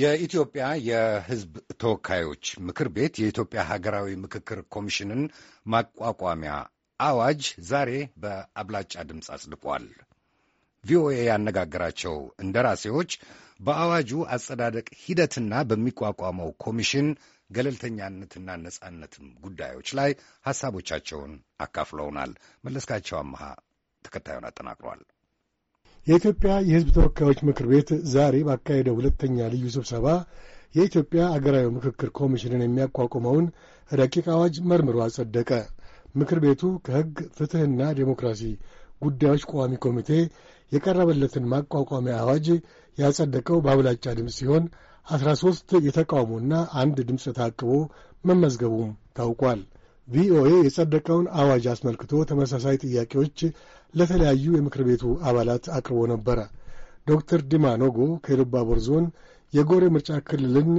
የኢትዮጵያ የሕዝብ ተወካዮች ምክር ቤት የኢትዮጵያ ሀገራዊ ምክክር ኮሚሽንን ማቋቋሚያ አዋጅ ዛሬ በአብላጫ ድምፅ አጽድቋል። ቪኦኤ ያነጋገራቸው እንደራሴዎች በአዋጁ አጸዳደቅ ሂደትና በሚቋቋመው ኮሚሽን ገለልተኛነትና ነጻነትም ጉዳዮች ላይ ሐሳቦቻቸውን አካፍለውናል። መለስካቸው አመሃ ተከታዩን አጠናቅሯል። የኢትዮጵያ የሕዝብ ተወካዮች ምክር ቤት ዛሬ ባካሄደው ሁለተኛ ልዩ ስብሰባ የኢትዮጵያ አገራዊ ምክክር ኮሚሽንን የሚያቋቁመውን ረቂቅ አዋጅ መርምሮ አጸደቀ። ምክር ቤቱ ከሕግ ፍትሕና ዴሞክራሲ ጉዳዮች ቋሚ ኮሚቴ የቀረበለትን ማቋቋሚያ አዋጅ ያጸደቀው በአብላጫ ድምፅ ሲሆን አስራ ሦስት የተቃውሞና አንድ ድምፅ ታቅቦ መመዝገቡም ታውቋል። ቪኦኤ የጸደቀውን አዋጅ አስመልክቶ ተመሳሳይ ጥያቄዎች ለተለያዩ የምክር ቤቱ አባላት አቅርቦ ነበረ። ዶክተር ዲማ ኖጎ ከኢሉባቦር ዞን የጎሬ ምርጫ ክልልን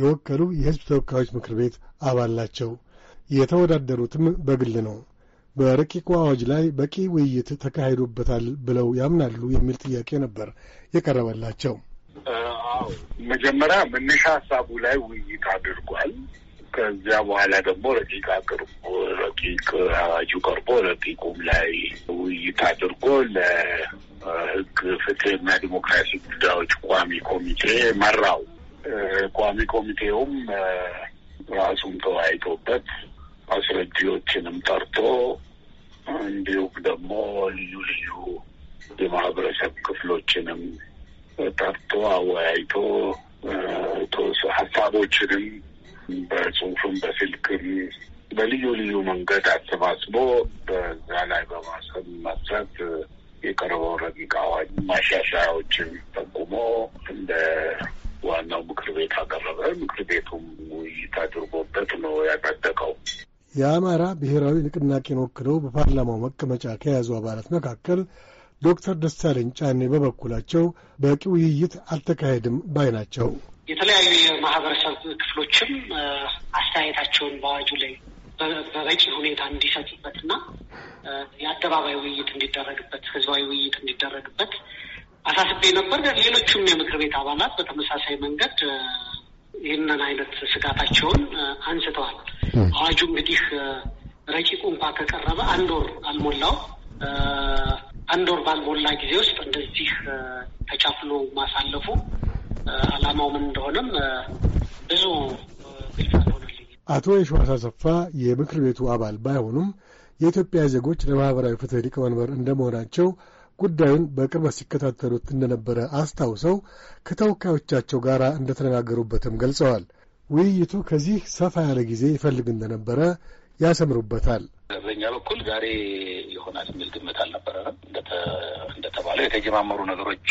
የወከሉ የሕዝብ ተወካዮች ምክር ቤት አባል ናቸው። የተወዳደሩትም በግል ነው። በረቂቁ አዋጅ ላይ በቂ ውይይት ተካሂዶበታል ብለው ያምናሉ የሚል ጥያቄ ነበር የቀረበላቸው። አዎ መጀመሪያ መነሻ ሀሳቡ ላይ ውይይት አድርጓል። ከዚያ በኋላ ደግሞ ረቂቅ አቅርቦ ረቂቅ አዋጁ ቀርቦ ረቂቁም ላይ ውይይት አድርጎ ለህግ ፍትህና ዲሞክራሲ ጉዳዮች ቋሚ ኮሚቴ መራው። ቋሚ ኮሚቴውም ራሱን ተወያይቶበት አስረጂዎችንም ጠርቶ እንዲሁም ደግሞ ልዩ ልዩ የማህበረሰብ ክፍሎችንም ጠርቶ አወያይቶ ሀሳቦችንም በጽሁፍም በስልክም በልዩ ልዩ መንገድ አሰባስቦ በዛ ላይ በማሰብ መስረት የቀረበው ረቂቅ አዋጅ ማሻሻያዎችን ጠቁሞ እንደ ዋናው ምክር ቤት አቀረበ። ምክር ቤቱም ውይይት አድርጎበት ነው ያጸደቀው። የአማራ ብሔራዊ ንቅናቄን ወክለው በፓርላማው መቀመጫ ከያዙ አባላት መካከል ዶክተር ደሳለኝ ጫኔ በበኩላቸው በቂ ውይይት አልተካሄድም ባይ ናቸው። የተለያዩ የማህበረሰብ ክፍሎችም አስተያየታቸውን በአዋጁ ላይ በበቂ ሁኔታ እንዲሰጡበት እና የአደባባይ ውይይት እንዲደረግበት፣ ህዝባዊ ውይይት እንዲደረግበት አሳስቤ ነበር። ሌሎቹም የምክር ቤት አባላት በተመሳሳይ መንገድ ይህንን አይነት ስጋታቸውን አንስተዋል። አዋጁ እንግዲህ ረቂቁ እንኳ ከቀረበ አንድ ወር አልሞላው አንድ ወር ባልሞላ ጊዜ ውስጥ እንደዚህ ተቻፍሎ ማሳለፉ አላማው ምን እንደሆነም ብዙ አቶ የሸዋስ አሰፋ የምክር ቤቱ አባል ባይሆኑም የኢትዮጵያ ዜጎች ለማህበራዊ ፍትህ ሊቀመንበር እንደመሆናቸው ጉዳዩን በቅርበት ሲከታተሉት እንደነበረ አስታውሰው ከተወካዮቻቸው ጋር እንደተነጋገሩበትም ገልጸዋል። ውይይቱ ከዚህ ሰፋ ያለ ጊዜ ይፈልግ እንደነበረ ያሰምሩበታል። በእኛ በኩል ዛሬ ይሆናል የሚል ግምት አልነበረንም። እንደተባለው የተጀማመሩ ነገሮች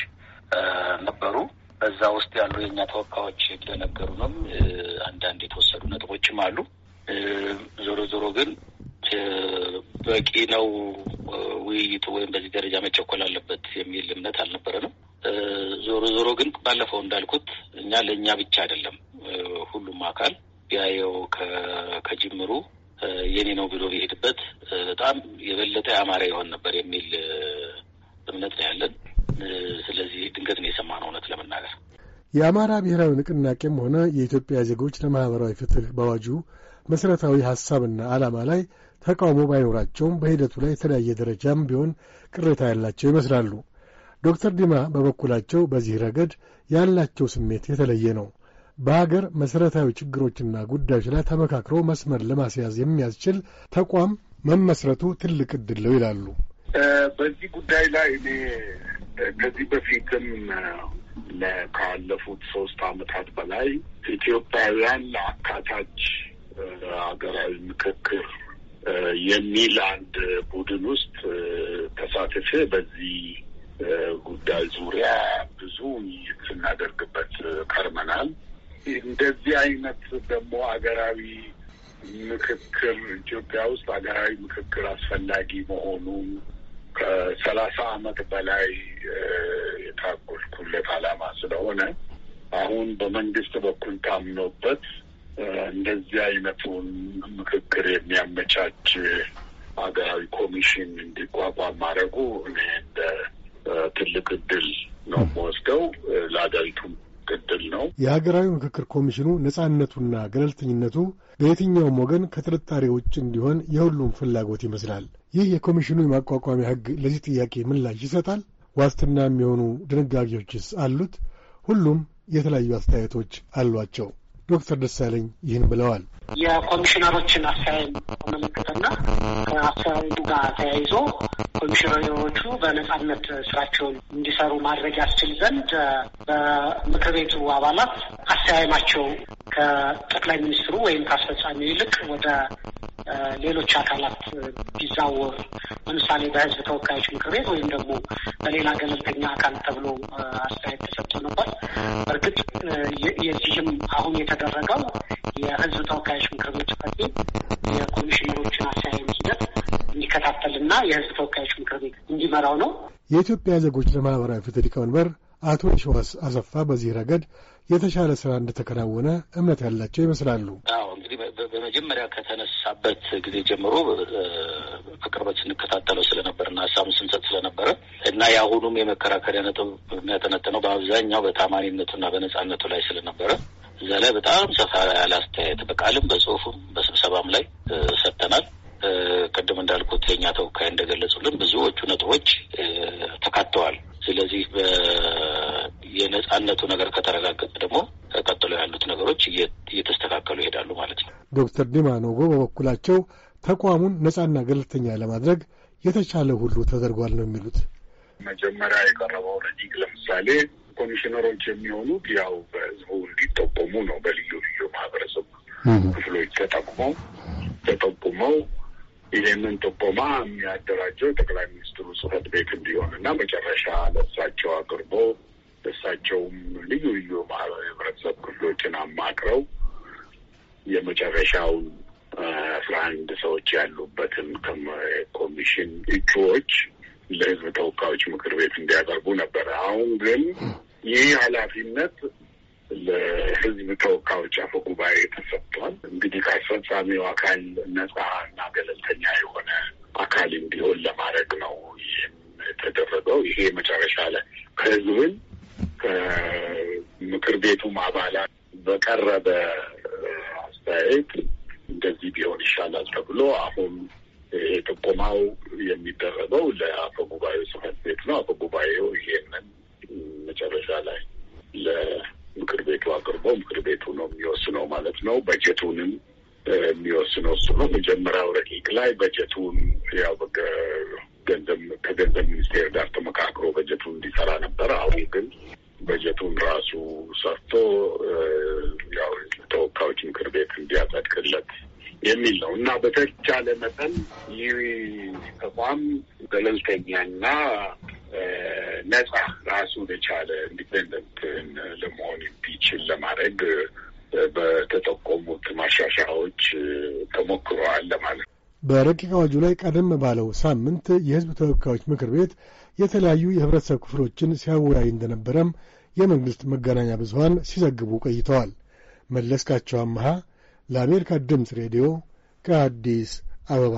ነበሩ። በዛ ውስጥ ያሉ የእኛ ተወካዮች እንደነገሩንም አንዳንድ የተወሰዱ ነጥቦችም አሉ። ዞሮ ዞሮ ግን በቂ ነው ውይይቱ ወይም በዚህ ደረጃ መቸኮል አለበት የሚል እምነት አልነበረንም። ዞሮ ዞሮ ግን ባለፈው እንዳልኩት እኛ ለእኛ ብቻ አይደለም ሁሉም አካል ያየው ከጅምሩ የኔ ነው ብሎ ቢሄድበት በጣም የበለጠ ያማረ ይሆን ነበር የሚል እምነት ነው ያለን። ስለዚህ ድንገት ነው የሰማነው እውነት ለመናገር የአማራ ብሔራዊ ንቅናቄም ሆነ የኢትዮጵያ ዜጎች ለማኅበራዊ ፍትሕ በአዋጁ መሠረታዊ ሐሳብና ዓላማ ላይ ተቃውሞ ባይኖራቸውም በሂደቱ ላይ የተለያየ ደረጃም ቢሆን ቅሬታ ያላቸው ይመስላሉ። ዶክተር ዲማ በበኩላቸው በዚህ ረገድ ያላቸው ስሜት የተለየ ነው። በሀገር መሠረታዊ ችግሮችና ጉዳዮች ላይ ተመካክሮ መስመር ለማስያዝ የሚያስችል ተቋም መመስረቱ ትልቅ እድል ነው ይላሉ። በዚህ ጉዳይ ላይ እኔ ከዚህ በፊትም ካለፉት ሶስት አመታት በላይ ኢትዮጵያውያን አካታች ሀገራዊ ምክክር የሚል አንድ ቡድን ውስጥ ተሳትፌ በዚህ ጉዳይ ዙሪያ ብዙ ውይይት ስናደርግበት ከርመናል። እንደዚህ አይነት ደግሞ ሀገራዊ ምክክር ኢትዮጵያ ውስጥ ሀገራዊ ምክክር አስፈላጊ መሆኑን ከሰላሳ አመት በላይ የመሰረቱለት አላማ ስለሆነ አሁን በመንግስት በኩል ታምኖበት እንደዚህ አይነቱን ምክክር የሚያመቻች ሀገራዊ ኮሚሽን እንዲቋቋም ማድረጉ እኔ እንደ ትልቅ እድል ነው የምወስደው፣ ለሀገሪቱም እድል ነው። የሀገራዊ ምክክር ኮሚሽኑ ነጻነቱና ገለልተኝነቱ በየትኛውም ወገን ከጥርጣሬ ውጭ እንዲሆን የሁሉም ፍላጎት ይመስላል። ይህ የኮሚሽኑ የማቋቋሚያ ህግ ለዚህ ጥያቄ ምላሽ ይሰጣል? ዋስትና የሚሆኑ ድንጋጌዎችስ አሉት? ሁሉም የተለያዩ አስተያየቶች አሏቸው። ዶክተር ደሳለኝ ይህን ብለዋል። የኮሚሽነሮችን አስተያየት መለከተና ከአስተያየቱ ጋር ተያይዞ ኮሚሽነሮቹ በነጻነት ስራቸውን እንዲሰሩ ማድረግ ያስችል ዘንድ በምክር ቤቱ አባላት አስተያየማቸው ከጠቅላይ ሚኒስትሩ ወይም ከአስፈጻሚው ይልቅ ወደ ሌሎች አካላት ቢዛወሩ ለምሳሌ በህዝብ ተወካዮች ምክር ቤት ወይም ደግሞ በሌላ ገለልተኛ አካል ተብሎ አስተያየት ተሰጥቶ ነበር። እርግጥ የዚህም አሁን የተደረገው የህዝብ ተወካዮች ምክር ቤት ጽፈት ቤት የኮሚሽነሮችን አሰያየም ሂደት እንዲከታተልና የህዝብ ተወካዮች ምክር ቤት እንዲመራው ነው። የኢትዮጵያ ዜጎች ለማህበራዊ ፍትህ ሊቀመንበር አቶ ሸዋስ አሰፋ በዚህ ረገድ የተሻለ ስራ እንደተከናወነ እምነት ያላቸው ይመስላሉ። በመጀመሪያ ከተነሳበት ጊዜ ጀምሮ በቅርበት ስንከታተለው ስለነበርና ሀሳቡን ስንሰጥ ስለነበረ እና የአሁኑም የመከራከሪያ ነጥብ የሚያጠነጥነው በአብዛኛው በታማኒነቱና በነጻነቱ ላይ ስለነበረ እዛ ላይ በጣም ሰፋ ያለ አስተያየት በቃልም በጽሁፉም በስብሰባም ላይ ሰጥተናል። ቅድም እንዳልኩት የኛ ተወካይ እንደገለጹልን ብዙዎቹ ነጥቦች ተካተዋል። ስለዚህ የነጻነቱ ነገር ከተረጋገጠ ደግሞ ነገሮች እየተስተካከሉ ይሄዳሉ ማለት ነው። ዶክተር ዲማ ኖጎ በበኩላቸው ተቋሙን ነጻና ገለልተኛ ለማድረግ የተቻለ ሁሉ ተደርጓል ነው የሚሉት። መጀመሪያ የቀረበው ረቂቅ ለምሳሌ ኮሚሽነሮች የሚሆኑት ያው በህዝቡ እንዲጠቆሙ ነው። በልዩ ልዩ ማህበረሰብ ክፍሎች ተጠቁመው ተጠቁመው ይሄንን ጥቆማ የሚያደራጀው ጠቅላይ ሚኒስትሩ ጽህፈት ቤት እንዲሆን እና መጨረሻ ለእሳቸው አቅርቦ እሳቸውም ልዩ ልዩ ማህበረ ሰዎችን አማክረው የመጨረሻውን አስራ አንድ ሰዎች ያሉበትን ኮሚሽን እጩዎች ለህዝብ ተወካዮች ምክር ቤት እንዲያቀርቡ ነበረ አሁን ግን ይህ ኃላፊነት ለህዝብ ተወካዮች አፈ ጉባኤ ተሰጥቷል። እንግዲህ ከአስፈጻሚው አካል ነጻ እና ገለልተኛ የሆነ አካል እንዲሆን ለማድረግ ነው ይህም የተደረገው። ይሄ መጨረሻ ላይ ከህዝብን ከምክር ቤቱም አባላት በቀረበ አስተያየት እንደዚህ ቢሆን ይሻላል ተብሎ አሁን ይሄ ጥቆማው የሚደረገው ለአፈ ጉባኤው ጽፈት ቤት ነው። አፈ ጉባኤው ይሄንን መጨረሻ ላይ ለምክር ቤቱ አቅርቦ ምክር ቤቱ ነው የሚወስነው ማለት ነው። በጀቱንም የሚወስነው እሱ ነው። መጀመሪያው ረቂቅ ላይ በጀቱን ያው በገንዘብ ከገንዘብ ሚኒስቴር ጋር ተመካክሮ በጀቱን እንዲሰራ ነበር። አሁን ግን በጀቱን ራሱ ሰርቶ ያው ተወካዮች ምክር ቤት እንዲያጸድቅለት የሚል ነው እና በተቻለ መጠን ይህ ተቋም ገለልተኛና ነጻ ራሱን የቻለ ኢንዲፔንደንት ለመሆን እንዲችል ለማድረግ በተጠቆሙት ማሻሻያዎች ተሞክረዋል ለማለት ነው። በረቂቅ አዋጁ ላይ ቀደም ባለው ሳምንት የሕዝብ ተወካዮች ምክር ቤት የተለያዩ የህብረተሰብ ክፍሎችን ሲያወያይ እንደነበረም የመንግሥት መገናኛ ብዙሀን ሲዘግቡ ቆይተዋል። መለስካቸው አመሃ ለአሜሪካ ድምፅ ሬዲዮ ከአዲስ አበባ